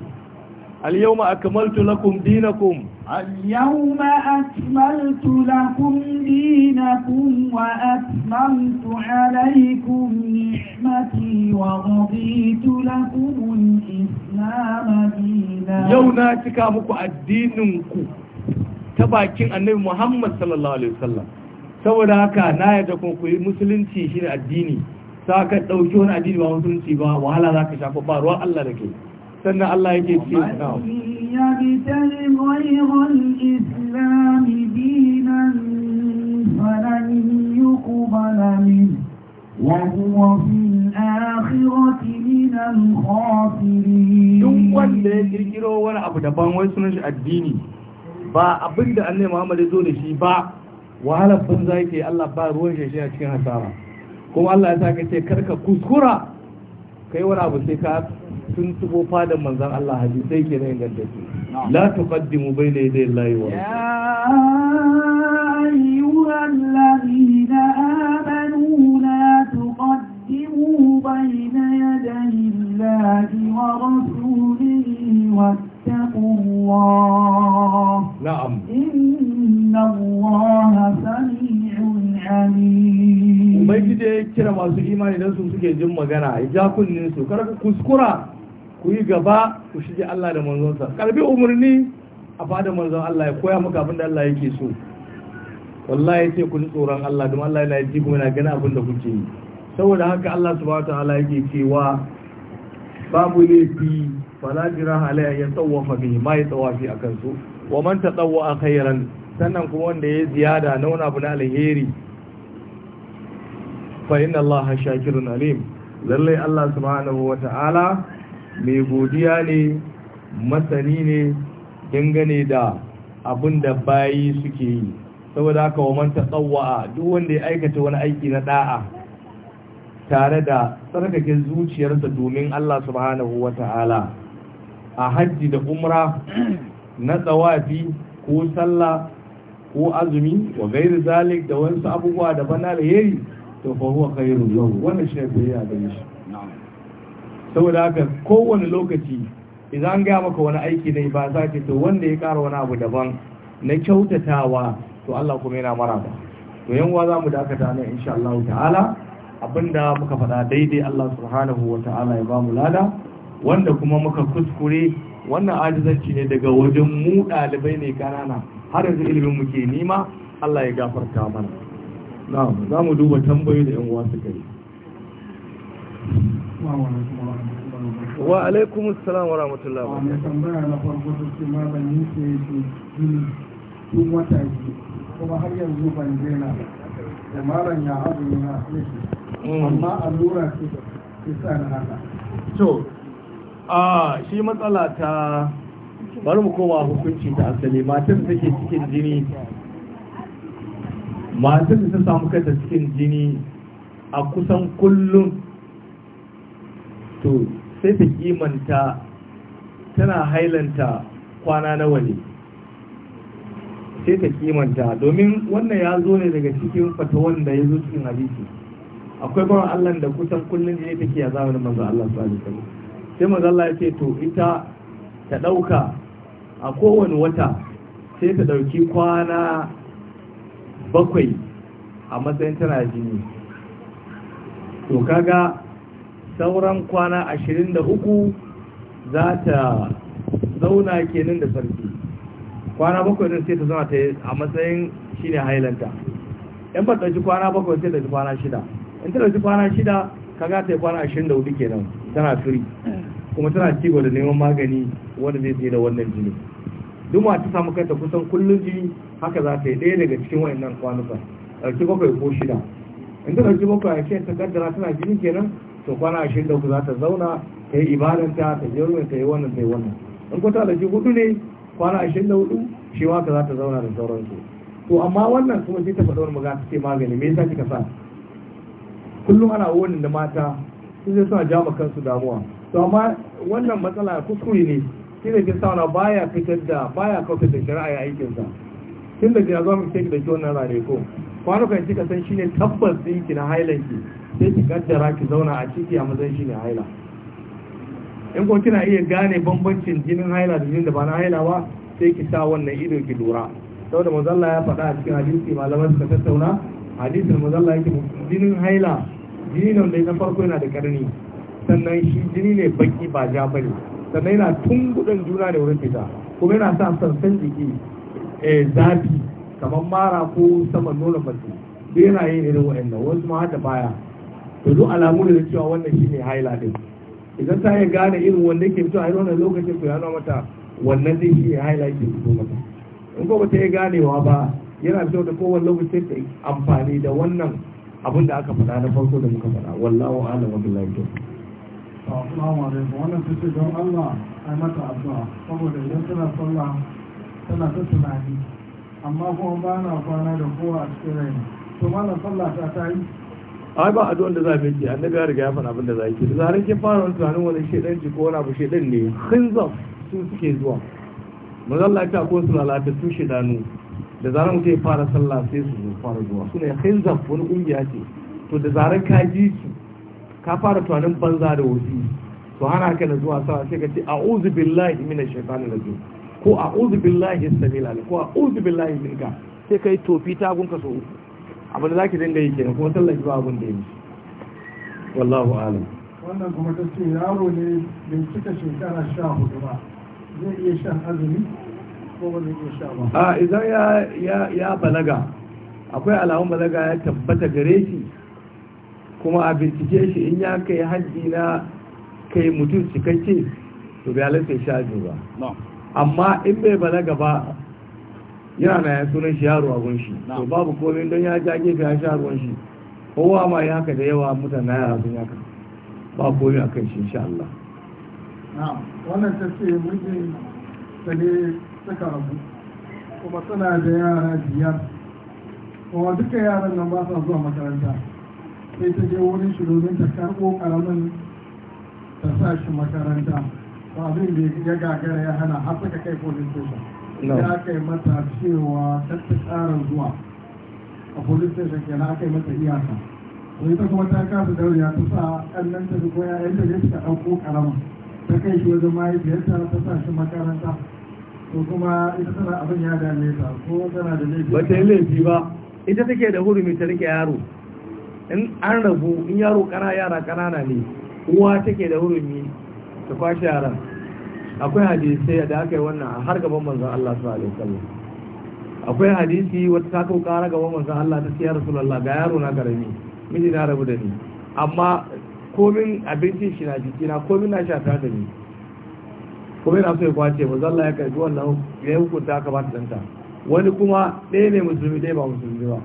اليوم أكملت لكم دينكم اليوم أكملت لكم دينكم وأتممت عليكم نعمتي ورضيت لكم الإسلام دينا يوم ناتكامك الدينكم تباكين النبي محمد صلى الله عليه وسلم saboda haka na yadda kun kuyi musulunci shine addini sa ka dauki wani addini ba musulunci ba wahala zaka shafa ba ruwan Allah da kai sannan Allah yake ce يبتغي غير الإسلام دينا فلن يقبل منه وهو في الآخرة من الخاسرين duk wanda ya kirkiro wani abu da ban wai sunan shi addini ba abin da annai Muhammadu ya zo da shi ba wahalar banza yake allah ba ruwan shi a cikin hasara kuma allah ya sa ka ce karka kuskura kai wani abu sai ka tuntubo fadan manzan Allah hadisai ke nan ganda su la tuqaddimu bayna yaday Allah wa ya ayyuhal ladina amanu la tuqaddimu bayna yaday Allah wa rasulihi wattaqullah na'am inna Allah sami'un alim ubangiji ya kira masu imani don su suke jin magana ya ja kunnin su kar ku kuskura ku yi gaba ku shige Allah da manzonsa karbi umarni a fada manzon Allah ya koya maka abin da Allah yake so wallahi sai ku ji tsoron Allah don Allah yana ji kuma yana gani abin da kuke yi saboda haka Allah subhanahu wataala yake cewa babu laifi fala jira alayya ya tsawafa bihi ma ya tsawafi akan su wa man tatawwa khairan sannan kuma wanda ya ziyada na wani abu na alheri fa inna Allah shakirun alim lalle Allah subhanahu wataala mai godiya ne masani ne dangane da abin da bayi suke yi saboda haka wa manta a duk wanda ya aikata wani aiki na da'a tare da tsarkake zuciyarsa domin Allah subhanahu wa ta'ala a hajji da umra na tsawafi ko sallah ko azumi wa gairu zalik da wasu abubuwa da da alheri to fa huwa khairu lahu wannan shi ne a gare shi saboda haka kowane lokaci idan an gaya maka wani aiki ne ba za ce to wanda ya kara wani abu daban na kyautatawa to Allah kuma yana maraba to yanwa za mu dakata ne insha Allah ta'ala abinda muka faɗa daidai Allah subhanahu wa ta'ala ya ba mu lada wanda kuma muka kuskure wannan ajizanci ne daga wajen mu ɗalibai ne kanana har yanzu ilimin mu ke nima Allah ya gafarta mana na'am za mu duba tambayoyi da yan uwa suka yi wa alaikum assalam wa rahmatullahi wa ne tambaya na farko ta ce maganin ke jini tun wata biyu kuma har yanzu ban daina da malam ya ne na yake mm. amma allura ce ke sa na haka to a shi matsala ta bari mu koma hukunci ta asali matan da ke cikin jini matan da ta samu kanta cikin jini a kusan kullum to sai ta kimanta tana hailanta kwana nawa ne sai ta kimanta domin wannan ya zo ne daga cikin fatawan da ya zo cikin hadisi akwai bawan Allah da kusan kullum ne take a zamanin manzo Allah sallallahu alaihi wasallam sai manzo Allah ya ce to ita ta dauka a kowane wata sai ta dauki kwana bakwai a matsayin tana jini to kaga sauran kwana ashirin da uku za ta zauna kenan da sarki kwana bakwai din sai ta zama ta a matsayin shi ne hailanta Yan ba ɗauki kwana bakwai sai ɗauki kwana shida in ta ɗauki kwana shida ka ga ta yi kwana ashirin da hudu kenan tana firi kuma tana cigo da neman magani wanda zai tsaye da wannan jini duk ma ta samu kanta kusan kullum jini haka za ta yi ɗaya daga cikin wa'annan kwanuka ɗauki bakwai ko shida in ta ɗauki bakwai a ce ta gaddara tana jini kenan to kwana shi da ku za ta zauna ta yi ibadanta ta yi ruwa ta yi wannan ta yi wannan in ku da shi hudu ne kwana shi da hudu shi ma ka za ta zauna da sauransu to amma wannan kuma sai ta faɗa wani magana ce magani me yasa kika sa kullum ana wani da mata sun sai suna jama kansu damuwa to amma wannan matsala kuskure ne shi da ke sauna baya fitar da baya kautar da shari'a ya aikinsa tun da jira za mu ce da ke wannan rane ko kwanukan ka san shine tabbas ɗinki na hailanki sai ki kaddara ki zauna a ciki a matsayin shi ne haila in ko kina iya gane bambancin jinin haila da jinin da ba na haila ba sai ki sa wannan ido ki lura saboda mazalla ya faɗa a cikin hadisi malaman suka tattauna hadisin mazalla yake jinin haila jini ne wanda na farko yana da karni sannan shi jini ne baki ba ja bane sannan yana gudan juna da wurin fita kuma yana sa sansan jiki eh, zafi kamar mara ko saman nuna mace duk yana yin irin wa'annan wasu ma da baya to zo alamu ne da cewa wannan shine haila din idan ta ya gane irin wanda yake fito a irin wannan lokacin to ya nuna mata wannan zai shi haila ke fito mata in ko bata ya ganewa ba yana fito da kowane lokaci ta amfani da wannan abin da aka faɗa na farko da muka faɗa wallahu a'lam wa billahi to assalamu alaikum wannan tace don Allah ai mata addu'a saboda idan tana sallah tana ta tunani amma kuma ba na kwana da kowa a cikin raina to malam sallah ta ta yi ai ba addu'an da za mu yi annabi ya riga ya faɗa abin da za ki da zarar kin fara wani tunanin wani shaidan ji ko wani abu shaidan ne hanzar su suke zuwa mazalla ta ko su lalata su shedanu da zarar mutum ya fara sallah sai su fara zuwa su ne hanzar wani kungiya ce to da zarar ka ji su ka fara tunanin banza da wasu to hana ka da zuwa sa sai ka ce a'udhu billahi minash shaitani rajim ko a'udhu billahi as-samil alim ko a'udhu billahi minka sai kai tofi tagunka so uku abin da za ki dinga yi kenan kuma sallar ba abin da ya wallahu alam wannan kuma ta ce yaro ne bai cika shekara sha hudu ba zai iya shan azumi ko ba zai iya sha ba a idan ya balaga akwai alamun balaga ya tabbata gare shi kuma a bincike shi in ya kai hajji na kai mutum cikakke to bai halatta sha biyu ba amma in bai balaga ba yana na ya sunan shi yaro a shi to babu komai don ya ja gefe ya sha ruwan shi kowa ma ya haka da yawa mutane na yara sun yaka ba komai a kan shi insha Allah wannan ta ce mijin ta ne suka rabu kuma tana da yara biyar kuma duka yaran nan ba sa zuwa makaranta sai ta je wurin shi domin ta karɓo ƙaramin ta sa shi makaranta ba abin da ya gagara ya hana har suka kai police station da aka mata cewa ta ta zuwa a police station kenan aka yi mata iyaka to ita kuma ta kasa dauriya ta sa ƙannan ta ko ya'yanta ne suka ɗauko ƙarama ta kai shi wajen mahaifiyarta ta sa shi makaranta to kuma ita tana abin ya dame ta ko tana da laifi ba ta yi laifi ba ita take da hurumi ta rike yaro in an rabu in yaro kana yara kanana ne uwa take da hurumi ta kwashe yaran akwai hadisi da aka yi wannan har gaban manzon Allah sallallahu alaihi wasallam akwai hadisi wata ta kau kara gaban manzon Allah ta siyar rasulullah ga yaro na karami miji na rabu da ni amma komin abincin shi na jiki na komin na ta da ni kuma yana so ya kwace ba Allah ya karbi wannan ya hukunta aka ba ta danta wani kuma ɗaya ne musulmi ɗaya ba musulmi ba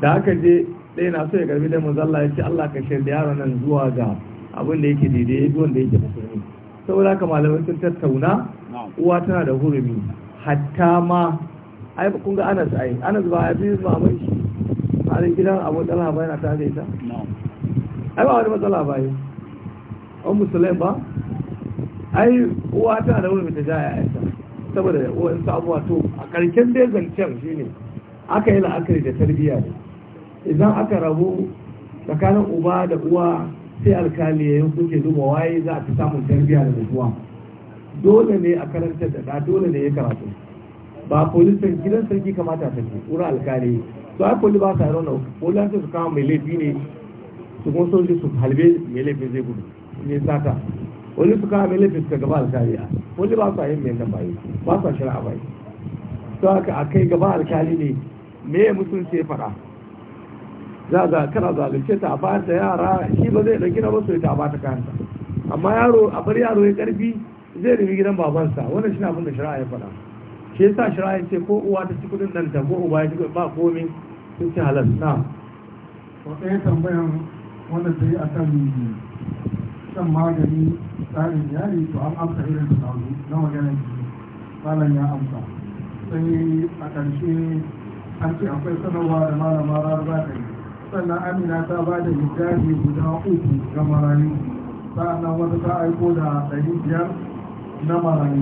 da aka je ɗaya na so ya karbi da manzon Allah ya ce Allah ka shirya yaron nan zuwa ga abin da yake daidai wanda yake musulmi saboda haka malamai sun tattauna uwa tana da hurumi hatta ma ai kun ga anas ai anas ba ya bi maman shi halin gidan abu talha ba yana tare da ita ai ba wani matsala ba yi an musulai ba ai uwa tana da hurumi ta jaya a ita saboda uwan sabuwa to a karshen dai zancen shine aka yi la'akari da tarbiyya ne idan aka rabu tsakanin uba da uwa sai alkali ya kuke duba waye za a fi samun tarbiyya da mutuwa dole ne a karantar da dole ne ya karatu ba polisan gidan sarki kamata ta ce wurin alkali to ai poli ba sa yi rauna polisan su kama mai laifi ne su kuma soji su halbe mai laifi zai gudu ne sata wani su kama mai laifi suka gaba alkali a poli ba sa yin mai nan bayi ba sa shari'a bayi to haka a kai gaba alkali ne me mutum sai faɗa za ga kana zalunce ta ba ta yara shi ba zai dauki na ba so ta ba ta kanta amma yaro a bar yaro ya karfi zai rubi gidan babansa wannan shi na abin da shari'a ya faɗa shi yasa shari'a ya ce ko uwa ta ci kudin nan ta ko uba ya ci ba komai sun ci halal na ko ɗaya tambayan wanda ta yi a kan shan magani tsarin iyali to an amsa irin su na maganin maganar malam ya amsa sai a ƙarshe an ce akwai sanarwa da malama rarra ta yi sannan amina ta ba da hijabi guda uku ga marayu sa'annan wata ta aiko da 500 na marayu